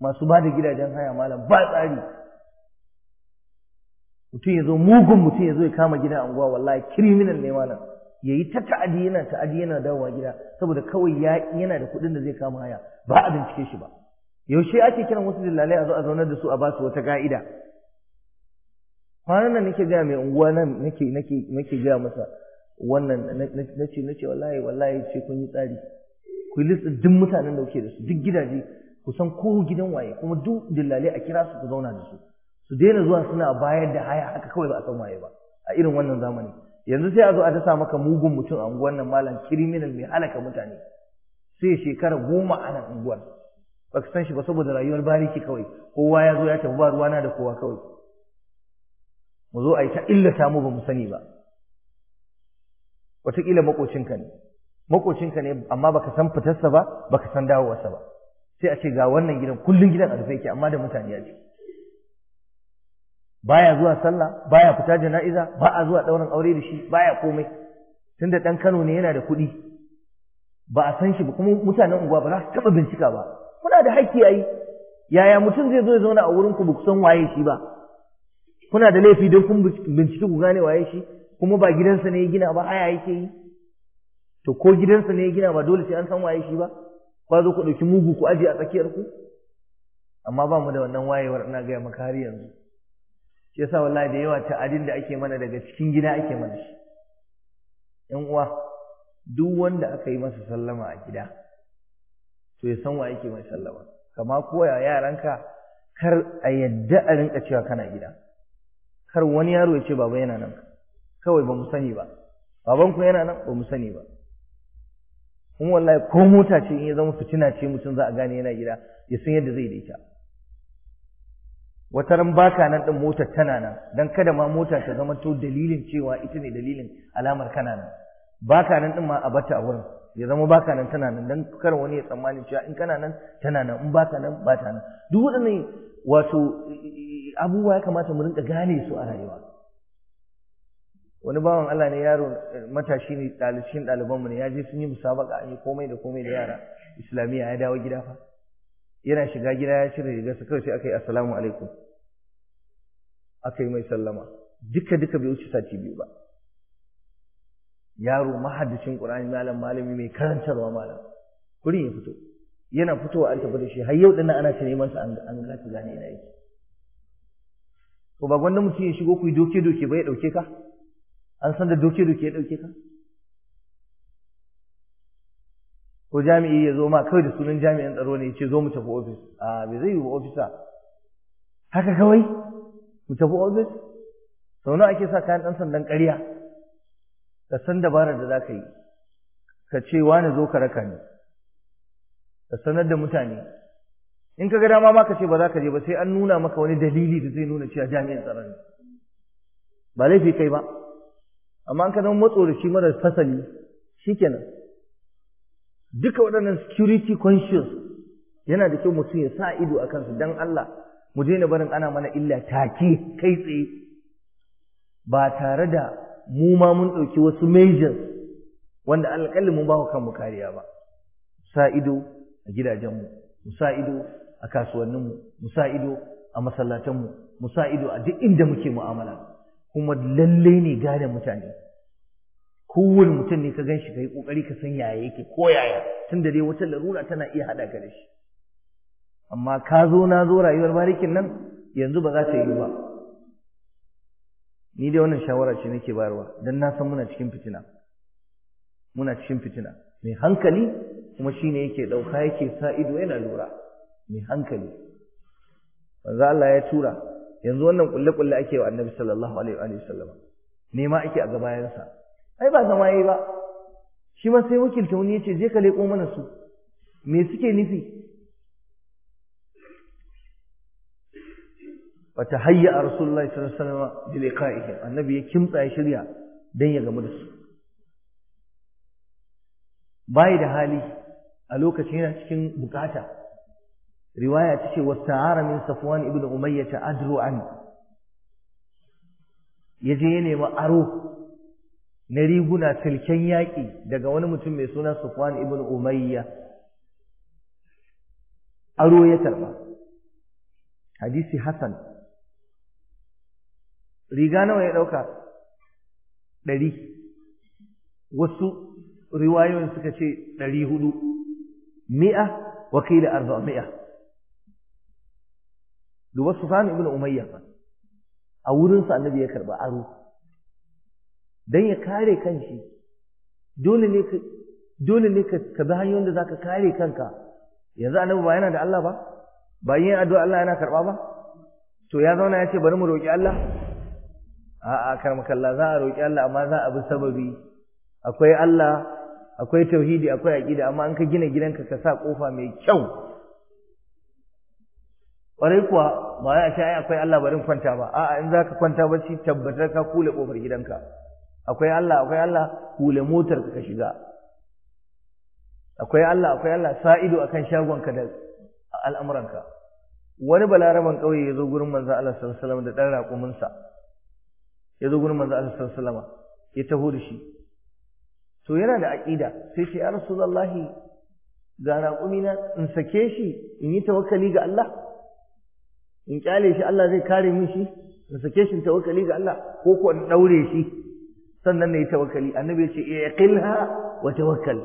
masu ba da gidajen haya malam ba tsari mutum ya zo mugun mutum ya zo ya kama gida a unguwa, wallahi criminal ne wannan ya yi ta ta'adi yana ta'adi yana dawowa gida saboda kawai ya yana da kuɗin da zai kama haya ba a bincike shi ba yaushe ake kiran wasu dillalai a zo a zaunar da su a basu wata ga'ida? kwanan nan nake gaya mai unguwa nan nake nake nake gaya masa wannan nace nace wallahi wallahi sai kun yi tsari ku lissa duk mutanen da kuke da su duk gidaje kusan ko gidan waye kuma duk dillalai a kira su ku zauna da su su daina zuwa suna bayar da haya haka kawai ba a san waye ba a irin wannan zamani yanzu sai a zo a dasa maka mugun mutum a unguwar nan malam criminal mai halaka mutane sai shekara goma ana unguwar ba ka san shi ba saboda rayuwar bariki kawai kowa ya zo ya tafi ba ruwana da kowa kawai mu zo a yi ta illata mu ba mu sani ba wataƙila maƙocinka ne maƙocinka ne amma baka san fitarsa ba baka san dawowarsa ba sai a ce ga wannan gidan kullum gidan a rufe yake amma da mutane a ciki baya zuwa sallah baya fita jana'iza ba a zuwa daurin aure da shi baya komai tunda dan Kano ne yana da kuɗi ba a san shi ba kuma mutanen unguwa ba za su taba bincika ba kuna da haƙƙi ai yaya mutum zai zo ya zauna a wurin ku ba ku san waye shi ba kuna da laifi don kun binciki ku gane waye shi kuma ba gidansa ne ya gina ba haya yake yi to ko gidansa ne ya gina ba dole sai an san waye shi ba ba zo ku ɗauki mugu ku aje a tsakiyar ku amma ba mu da wannan wayewar ina gaya maka har yanzu shi yasa wallahi da yawa ta'adin da ake mana daga cikin gida ake mana shi ƴan uwa duk wanda aka yi masa sallama a gida to ya san wa yake mai sallama kama ya yaranka kar a yadda a rinka cewa kana gida kar wani yaro ya ce baba yana nan kawai ba mu sani ba baban ku yana nan ba mu sani ba kuma wallahi ko mota ce in ya zama fitina ce mutum za a gane yana gida ya san yadda zai da ita wata ran baka nan ɗin motar tana nan don kada ma mota ta zama to dalilin cewa ita ne dalilin alamar kana nan baka nan ɗin ma a bata a wurin ya zama baka nan tana nan don kar wani ya tsammani cewa in kana nan tana nan in baka nan ba ta nan duk waɗannan wato abubuwa ya kamata mu rinka gane su a rayuwa wani bawan Allah ne yaro matashi ne ɗalibin ɗalibanmu ne ya je sun yi musabaka an yi komai da komai da yara islamiyya ya dawo gida fa yana shiga gida ya cire rigarsa kawai sai aka yi assalamu alaikum aka yi mai sallama duka duka bai wuce sati biyu ba yaro mahaddacin qur'ani malam malami mai karantarwa malam kuri ya fito yana fitowa an tabbata shi har yau din ana ta neman sa an ga ta gane ina yake to ba gwanda mutum ya shigo ku yi doke doke ba ya dauke ka an san da doke doke ya dauke ka ko jami'i ya zo ma kawai da sunan jami'in tsaro ne ya ce zo mu tafi ofis a bai zai yi wa ofisa haka kawai mu tafi ofis sau nawa ake sa kayan ɗan sandan ƙarya ka san dabarar da za ka yi ka ce wani zo ka raka ne ka sanar da mutane in ka ga dama ma ka ce ba za ka je ba sai an nuna maka wani dalili da zai nuna cewa jami'in tsaro ne ba laifi kai ba amma an ka zama matsoraci marar fasali shikenan duka waɗannan security conscious yana da kyau mutum ya sa ido a kansu don Allah mu daina barin ana mana illa take kai tsaye ba tare da mu ma mun ɗauki wasu measures wanda alƙalin mun ba kanmu kariya ba sa ido a gidajenmu mu sa ido a kasuwanninmu mu sa ido a masallatanmu mu sa ido a duk inda muke mu'amala kuma lallai ne gane mutane kowane mutum ne ka gan shi kai kokari ka san yaya yake ko yaya tun da dai wata larura tana iya haɗa ka da shi amma ka zo na zo rayuwar barikin nan yanzu ba za ta yi ba ni dai wannan shawara ce nake bayarwa Dan na san muna cikin fitina muna cikin fitina mai hankali kuma shine yake ɗauka yake sa ido yana lura mai hankali manzo Allah ya tura yanzu wannan kulle-kulle ake wa Annabi sallallahu alaihi wa sallama nema ake a gabayansa ai ba zama yayi ba shi ma sai wakilta wani yace je ka leko mana su me suke nufi wata hayya a rasulullahi sallallahu alaihi wasallam bi liqa'ihi annabi ya kimtsa ya shirya dan ya gamu da su bai da hali a lokacin yana cikin bukata riwaya ta ce wasta'ara min safwan ibn umayyah adru'an yaje ya nemi aro na riguna silken yaƙi daga wani mutum mai suna Sufwan ibn Umayya aro ya karba hadisi Hassan riga nawa ya ɗauka ɗari wasu riwayoyin suka ce ɗari hudu mi'a wakila arba mi'a duba Sufwan ibn Umayya a wurinsa annabi ya karba aro don ya kare kanshi dole ne dole ne ka bi hanyoyin da za ka kare kanka yanzu annabi ba yana da Allah ba ba yin addu'a Allah yana karɓa ba to ya zauna ya ce bari mu roƙi Allah a'a karmakalla za a roƙi Allah amma za a bi sababi akwai Allah akwai tauhidi akwai Aƙida, amma an ka gina gidanka ka sa kofa mai kyau kwarai kuwa ba ya ce ai akwai Allah barin kwanta ba a'a in za ka kwanta bacci tabbatar ka kula kofar gidanka akwai Allah akwai Allah hule motar ka shiga akwai Allah akwai Allah sa'ido akan shagon ka da al'amuranka wani balaraban ƙauye ya zo gurin manzo Allah sallallahu alaihi wasallam da ɗan raƙuminsa ya zo gurin manzo Allah sallallahu alaihi wasallam ya taho da shi to yana da aƙida sai ce ya rasulullahi ga na in sake shi in yi tawakkali ga Allah in kyale shi Allah zai kare min shi in sake shi tawakkali ga Allah ko ko in daure shi sannan ne tawakkali annabi ya ce iqilha wa tawakkal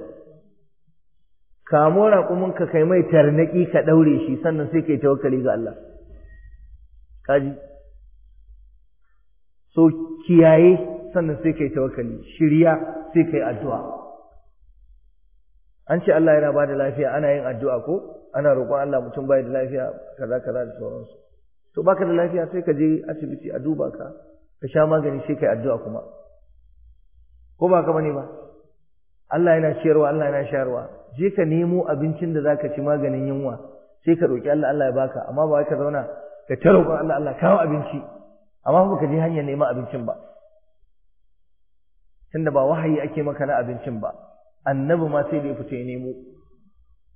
kamo raƙumin ka kai mai tarnaki ka ɗaure shi sannan sai kai tawakkali ga Allah kaji so kiyaye sannan sai kai tawakkali shirya sai kai addu'a an ce Allah yana ba da lafiya ana yin addu'a ko ana roƙon Allah mutum bai da lafiya kaza kaza da sauransu to baka da lafiya sai ka je asibiti a duba ka ka sha magani sai kai addu'a kuma ko ba ka bane ba Allah yana ciyarwa Allah yana shayarwa je ka nemo abincin da zaka ci maganin yunwa sai ka roki Allah Allah ya baka amma ba ka zauna ka ta roƙon Allah Allah kawo abinci amma ba ka je hanyar neman abincin ba tunda ba wahayi ake maka na abincin ba annabi ma sai da ya fito ya nemo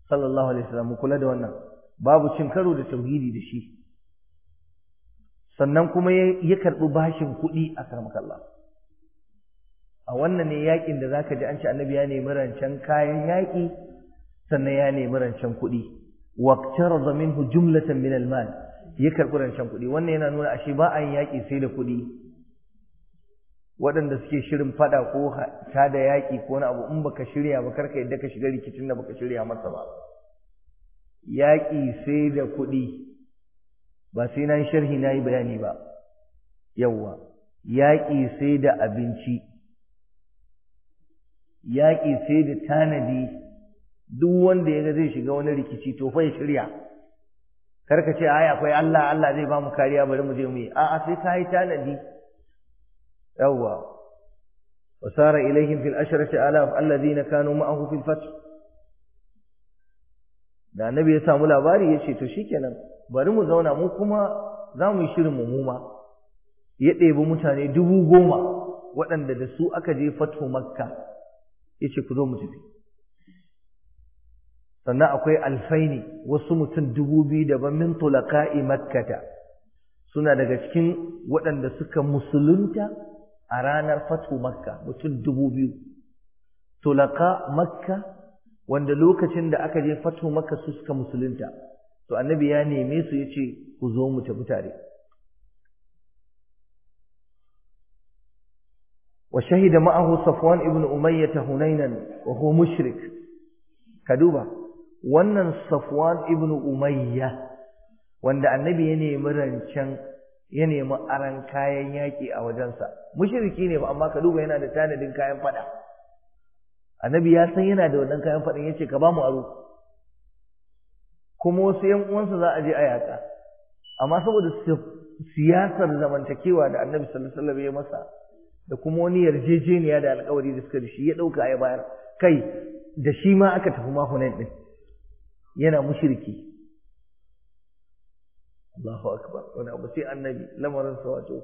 sallallahu alaihi wasallam kula da wannan babu cin karo da tauhidi da shi sannan kuma ya karɓi bashin kuɗi a karmakalla a wannan ne yakin da zaka ji an ce annabi ya nemi rancen kayan yaƙi, sannan ya nemi rancen kuɗi waqtarada minhu jumlatan min almal ya karɓi rancen kuɗi wannan yana nuna ashe ba an yin yaki sai da kuɗi waɗanda suke shirin faɗa ko ta da yaki ko wani abu in baka shirya ba karka yadda ka shiga rikicin da baka shirya masa ba yaƙi sai da kuɗi ba sai na sharhi na yi bayani ba yawwa yaƙi sai da abinci yaƙi sai da tanadi duk wanda ya ga zai shiga wani rikici to fa ya shirya ka ce ai akwai Allah Allah zai ba mu kariya bari mu je mu yi a'a sai ka yi tanadi yawwa وسار إليهم في الأشرة آلاف الذين كانوا معه في الفتح da annabi ya samu labari ya ce to shikenan bari mu zauna mu kuma za mu yi shirin mu ma ya ɗebi mutane dubu goma waɗanda da su aka je fatu makka ce ku zo mu tafi sannan akwai alfaini wasu mutum dubu biyu daban min tulaqa'i makkata suna daga cikin waɗanda suka musulunta a ranar fatu makka mutum dubu biyu tulaka makka wanda lokacin da aka je fatu makka su suka musulunta to annabi ya neme su yace ku zo mu tafi tare وشهد معه صفوان ابن أمية هنينا وهو مشرك Kaduba. wannan Safwan ibn Umayya wanda annabi ya nemi rancen ya nemi aron kayan yaƙi a wajensa mushriki ne ba amma ka yana da tanadin kayan faɗa. annabi ya san yana da wannan kayan fadan yace ka ba mu aro kuma wasu 'yan uwansa za a je a yaƙa amma saboda siyasar zamantakewa da annabi sallallahu alaihi ya masa da kuma wani yarjejeniya da alƙawari da suka da ya ɗauka ya bayar kai da shi ma aka tafi ma Hunain din yana mushriki Allahu akbar wani abu sai annabi lamarin sa wato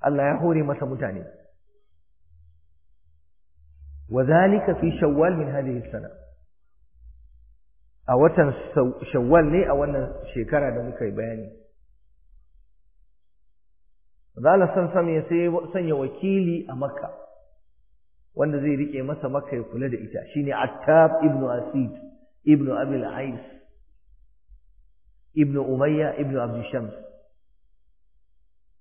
Allah ya hore masa mutane wadhalika fi shawwal min hadhihi sana a watan shawwal ne a wannan shekara da muka yi bayani Allah sallallahu alaihi ya sanya wakili a Makka wanda zai rike masa Makka ya kula da ita ne Attab ibn Asid ibn Abil al-Ais ibn Umayya ibn Abd Shams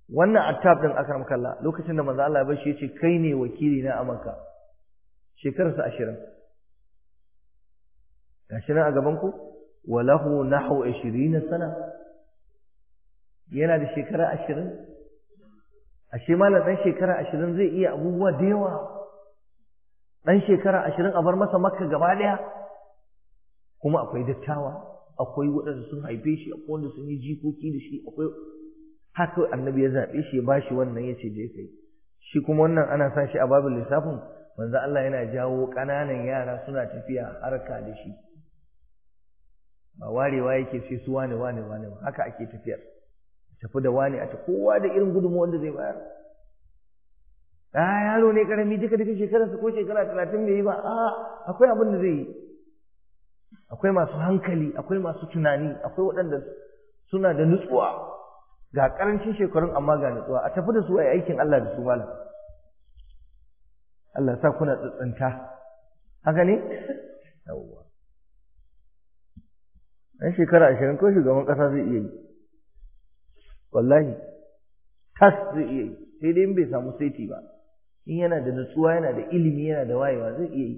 wannan Attab din akram kallah lokacin da manzo Allah ya bashi yace kai ne wakili na a Makka sa 20 gashi nan a gaban ku walahu nahu 20 sana yana da shekara 20 ashe malam ɗan shekara ashirin zai iya abubuwa da yawa Ɗan shekara ashirin a bar masa makka gaba daya kuma akwai dattawa akwai waɗanda sun haife shi akwai wanda sun yi jikoki da shi akwai haka annabi ya zaɓe shi ya ba shi wannan ya ce je kai shi kuma wannan ana sa shi a babin lissafin manzo Allah yana jawo ƙananan yara suna tafiya harka da shi ba warewa yake sai su wane wane wane haka ake tafiyar tafi da wani a ta kowa da irin gudunmawar da zai bayar Ya yaro ne karami duka duka shekararsa ko shekara talatin bai yi ba a akwai abin da zai yi akwai masu hankali akwai masu tunani akwai waɗanda suna da nutsuwa ga ƙarancin shekarun amma ga nutsuwa a tafi da su a aikin Allah da su malam Allah sa kuna tsantsanta haka ne yawwa ɗan shekara ashirin ko shugaban ƙasa zai iya yi wallahi tas zai iya yi sai dai in bai samu saiti ba in yana da nutsuwa yana da ilimi yana da wayewa zai iya yi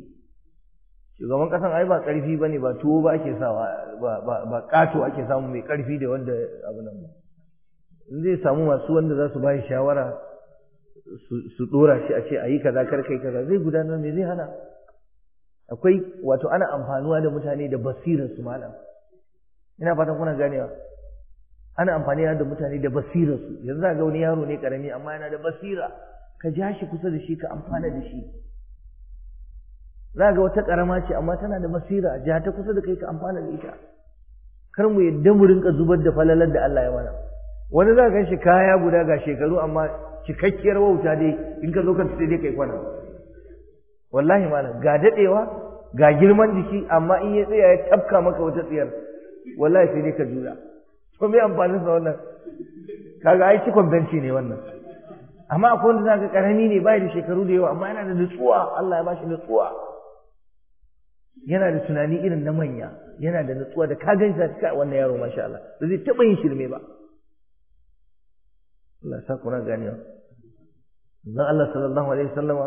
shugaban kasan ai ba karfi bane ba tuwo ba ake sawa ba ba kato ake samu mai karfi da wanda abu nan ba in zai samu masu wanda za su ba shawara su dora shi a ce a yi kaza kar kai kaza zai gudanar ne, zai hana akwai wato ana amfanuwa da mutane da basirar su malam ina fatan kuna ganewa ana amfani da mutane da basira su yanzu ga wani yaro ne karami amma yana da basira ka ja shi kusa da shi ka amfana da shi za ga wata karama ce amma tana da basira ja ta kusa da kai ka amfana da ita kar mu yadda mu rinka zubar da falalar da Allah ya mana wani za ka ganshi kaya guda ga shekaru amma cikakkiyar wauta dai in ka zo ka tsaye dai kai kwana wallahi malam ga dadewa ga girman jiki amma in ya tsaya ya tafka maka wata tsiyar wallahi sai dai ka jura ko me amfani sa wannan kaga ai cikon benci ne wannan amma akwai wanda zaka karami ne bai da shekaru da yawa amma yana da nutsuwa Allah ya bashi nutsuwa yana da tunani irin na manya yana da nutsuwa da ka gansa cika wannan yaro masha Allah ba zai taba yin shirme ba Allah ya sa kuna gani dan Allah sallallahu alaihi wasallam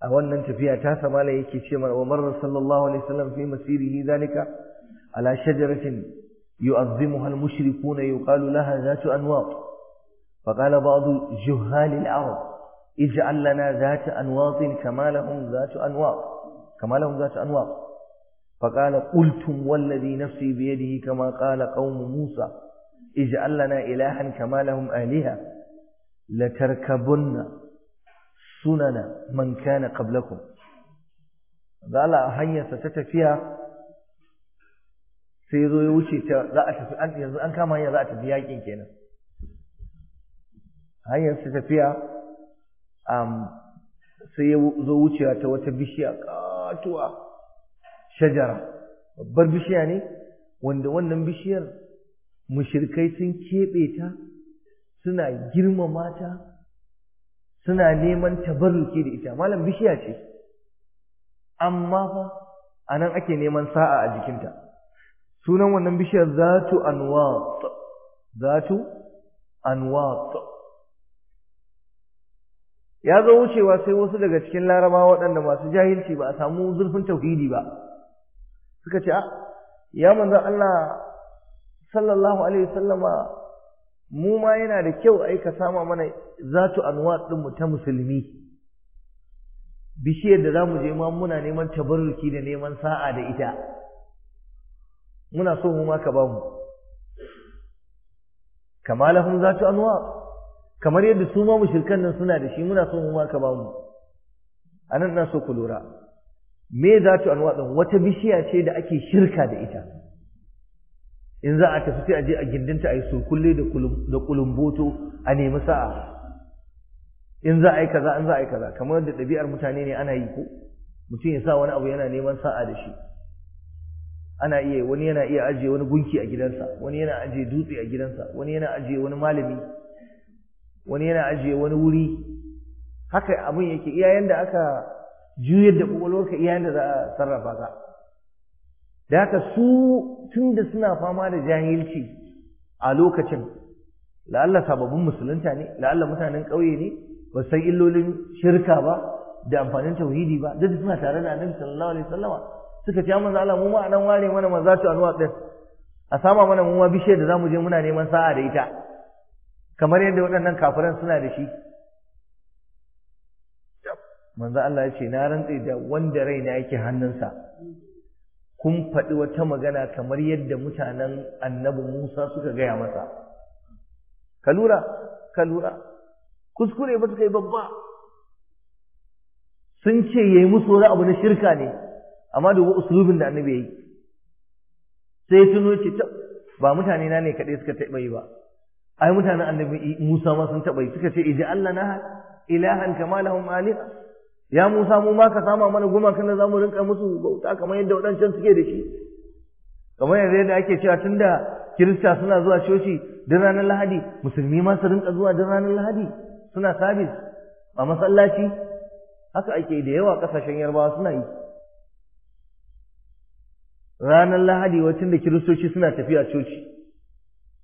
a wannan tafiya ta samala yake ce mana wa sallallahu alaihi wasallam fi masirihi zalika ala shajaratin يؤظمها المشركون يقال لها ذات أنواط فقال بعض جهال العرب اجعل لنا ذات أنواط كما لهم ذات أنواط كما لهم ذات أنواط فقال قلتم والذي نفسي بيده كما قال قوم موسى اجعل لنا إلها كما لهم آلهة لتركبن سنن من كان قبلكم قال هيا ستتفيها sai ya zo ya wuce ta za a tafi yanzu an kama hanya za a tafi yaƙin kenan hanyar su tafiya sai ya zo wucewa ta wata bishiya katuwa shajara babbar bishiya ne wanda wannan bishiyar mushirkai sun keɓe ta suna girmama ta suna neman tabarruki da ita malam bishiya ce amma fa a nan ake neman sa'a a jikinta sunan wannan bishiyar zatu anwat zatu anwat ya zo wucewa sai wasu daga cikin laraba waɗanda masu jahilci ba a samu zurfin tauhidi ba suka ce a ah, ya manzan Allah sallallahu alaihi wasallama mu ma yana da kyau yi ka sama mana zatu anwat din mu ta musulmi bishiyar da za mu je ma muna neman tabarruki da neman sa'a da ita muna so mu ma ka ba mu kamalahum zatu anwa kamar yadda su ma mushrikan nan suna da shi muna so mu ma ka ba mu anan na so ku lura me zatu anwa din wata bishiya ce da ake shirka da ita in za a tafi sai a je a gindinta a yi surkulle da kulumboto a nemi sa'a in za a yi kaza in za a yi kaza kamar da ɗabi'ar mutane ne ana yi ko mutum ya sa wani abu yana neman sa'a da shi ana iya wani yana iya ajiye wani gunki a gidansa wani yana ajiye dutse a gidansa wani yana ajiye wani malami wani yana ajiye wani wuri haka abin yake iyayen da aka juyar da kwakwalwarka iyayen da za a sarrafa ka da haka su tun da suna fama da jahilci a lokacin la'alla sababbin musulunta ne la'alla mutanen ƙauye ne ba san illolin shirka ba da amfanin tauhidi ba duk suna tare da annabi sallallahu alaihi wasallama suka ce amma Allah mu ma a dan ware mana mazatu anwa din a sama mana mu ma bishiyar da zamu je muna neman sa'a da ita kamar yadda waɗannan kafiran suna da shi manzo Allah ya ce na rantse da wanda raina yake hannunsa kun faɗi wata magana kamar yadda mutanen annabi Musa suka gaya masa ka lura ka lura kuskure ba su kai babba sun ce yayi musu wani abu na shirka ne amma dubu uslubin da annabi yayi sai tuno ce ba mutane na ne kaɗai suka taɓa yi ba ai mutanen annabi Musa ma sun taɓa yi suka ce idan Allah na ilahan kama lahum aliha ya Musa mu ma ka sama mana gumakan da zamu rinka musu bauta kamar yadda waɗancan suke da shi kamar yadda yadda ake cewa tun da kirista suna zuwa coci da ranar lahadi musulmi ma su rinka zuwa da ranar lahadi suna sabis a masallaci haka ake da yawa ƙasashen yarbawa suna yi ranar lahadi wacin da kiristoci suna tafiya coci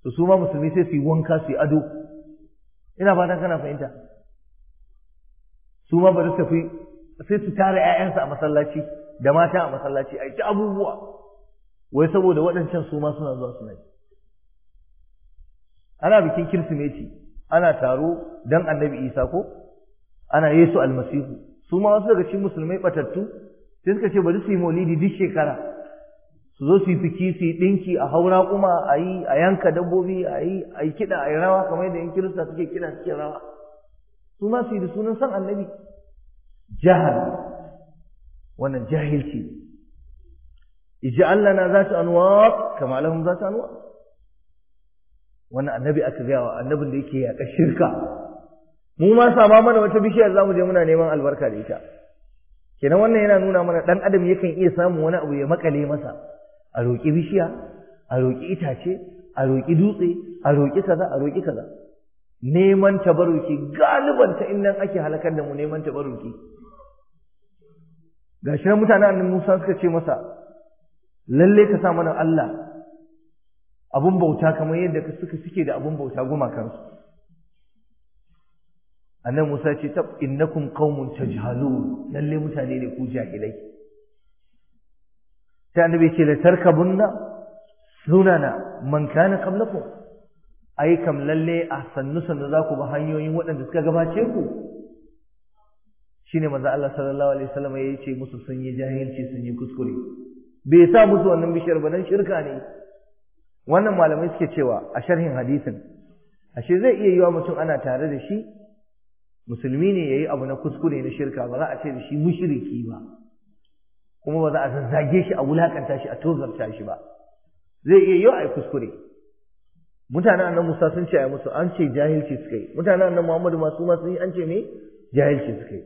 to su ma musulmi sai su yi wanka su yi ado ina fatan kana fahimta su ma bari su tafi sai su tara 'ya'yansu a masallaci da mata a masallaci a yi abubuwa wai saboda waɗancan su ma suna zuwa suna yi ana bikin kirsimeti ana taro don annabi isa ko ana yesu almasihu su ma wasu daga cikin musulmai batattu sai suka ce bari su yi maulidi duk shekara su zo su yi fiki su yi ɗinki a haura kuma a yi a yanka dabbobi a yi a yi kiɗa a yi rawa kamar yadda 'yan kirista suke kiɗa suke rawa su ma su yi da sunan san annabi jahal wannan jahilci ij'al lana zata anwar kama za zata anwar wannan annabi aka gaya wa annabin da yake yaƙa shirka mu ma sama mana wata bishiyar zamu je muna neman albarka da ita kenan wannan yana nuna mana dan adam yakan iya samun wani abu ya makale masa a roƙi bishiya a roƙi itace a roƙi dutse a roƙi kaza a roƙi kaza neman tabaruki galiban ta innan ake halakar da mu neman tabaruki gashi nan mutanen annabi Musa suka ce masa lalle ka sa mana Allah abun bauta kamar yadda suka suke da abun bauta gumakansu annabi Musa ce tab innakum qaumun tajhalun lalle mutane ne ku jahilai sai annabi ce la tarkabunna sunana man kana qablakum ai kam lalle a sannu sannu za ku bi hanyoyin waɗanda suka gabace ku shine manzo Allah sallallahu alaihi wasallam ya ce musu sun yi jahilci sun yi kuskure bai sa musu wannan bishiyar ba dan shirka ne wannan malamai suke cewa a sharhin hadisin ashe zai iya yiwa mutum ana tare da shi musulmi ne yayi abu na kuskure na shirka ba za a ce da shi mushriki ba kuma ba za a zazzage shi a wulakanta shi a tozarta shi ba zai iya yau a kuskure mutanen annan musa sun ce a musu an ce jahilci suka yi mutanen annan muhammadu masu ma sun yi an ce me jahilci suka yi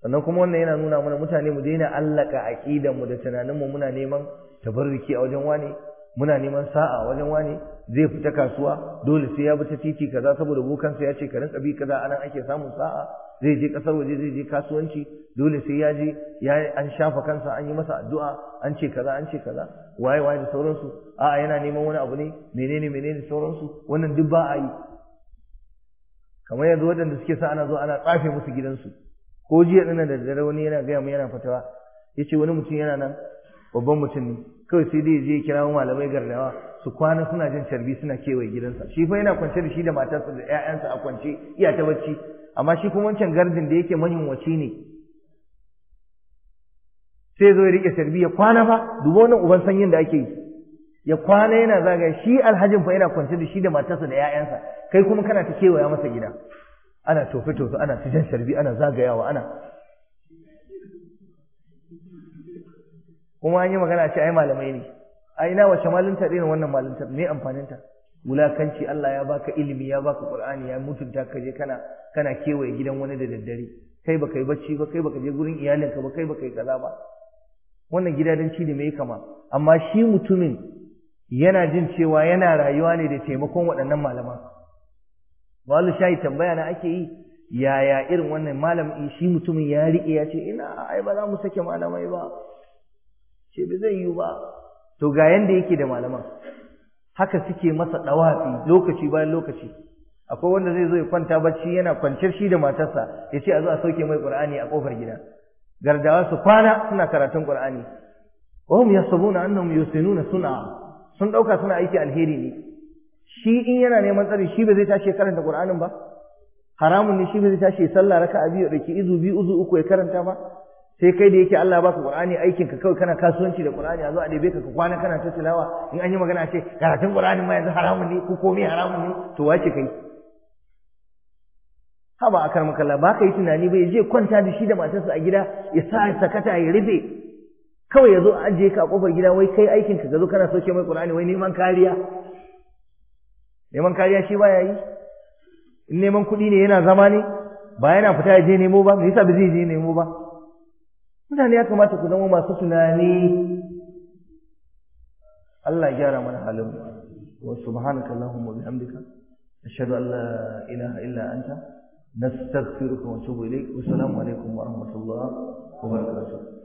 sannan kuma wannan yana nuna mana mutane mu daina allaka aqidan mu da tunanin mu muna neman tabarruki a wajen wane muna neman sa'a a wajen wane zai fita kasuwa dole sai ya bi ta titi kaza saboda bukansa ya ce ka rinka bi kaza anan ake samun sa'a zai je kasar waje zai je kasuwanci dole sai ya je ya an shafa kansa an yi masa addu'a an ce kaza an ce kaza waye waye da sauransu a'a yana neman wani abu ne menene menene sauransu wannan duk ba a yi kamar yanzu waɗanda suke sa ana zo ana tsafe musu gidansu ko jiya ɗin da dare wani yana gaya mu yana fatawa ya ce wani mutum yana nan babban mutum ne kawai sai dai je kira malamai gardawa su kwana suna jin carbi suna kewaye gidansa shi fa yana kwance da shi da matarsa da 'ya'yansa a kwance iya ta bacci amma shi kuma wancan gardin da yake mahimmanci ne sai zo ya rike sarbi ya kwana fa duba wannan uban sanyin da ake yi ya kwana yana zagaya shi alhajin fa yana kwance da shi da matarsa da 'ya'yansa kai kuma kana ta kewaya masa gida ana tofe tofe ana ta jan sharbi ana zagayawa ana kuma an yi magana ce ai malamai ne ai ina wace malinta irin wannan malinta me amfaninta wulakanci Allah ya baka ilimi ya baka Qur'ani ya mutunta kaje je kana kana kewaye gidan wani da daddare kai baka yi bacci ba kai baka je gurin iyalinka ba kai baka yi kaza ba wannan gidadanci ne mai kama amma shi mutumin yana jin cewa yana rayuwa ne da taimakon waɗannan malaman wallahi shayi tambaya na ake yi yaya irin wannan malamin shi mutumin ya riƙe ya ce ina ai ba za mu sake malamai ba ce bai zai yiwu ba to ga yanda yake da malaman haka suke masa dawafi lokaci bayan lokaci akwai wanda zai zo ya kwanta bacci yana kwanciyar shi da matarsa ya ce a zo a sauke mai qur'ani a kofar gida gardawa su kwana suna karatun qur'ani wa hum mu annahum yusinuna sun'a sun dauka suna aiki alheri ne shi in yana neman tsari shi ba zai tashi ya karanta qur'anin ba haramun ne shi ba zai tashi ya sallah raka'a biyu da ke izu biyu uzu uku ya karanta ba sai kai da yake Allah ba ka Qur'ani aikin ka kawai kana kasuwanci da Qur'ani a zo a ɗebe ka ka kwana kana ta tilawa in an yi magana ce karatun Qur'ani ma yanzu haramun ne ko komai haramun ne to wace kai haba akar makalla ba ka yi tunani ba ya je kwanta da shi da matarsa a gida ya sa sakata ya rufe kawai ya zo a ajiye ka a kofar gida wai kai aikin ka zo kana soke mai Qur'ani wai neman kariya neman kariya shi baya yi in neman kuɗi ne yana zama ne ba yana fita ya je nemo ba me yasa ba zai je nemo ba mutane ya kamata ku zama masu tunani Allah ya gyara mana halin wa subhanaka allahumma bihamdika ashhadu an la ilaha illa anta nastaghfiruka wa atubu ilayk wa assalamu alaikum wa rahmatullahi wa barakatuh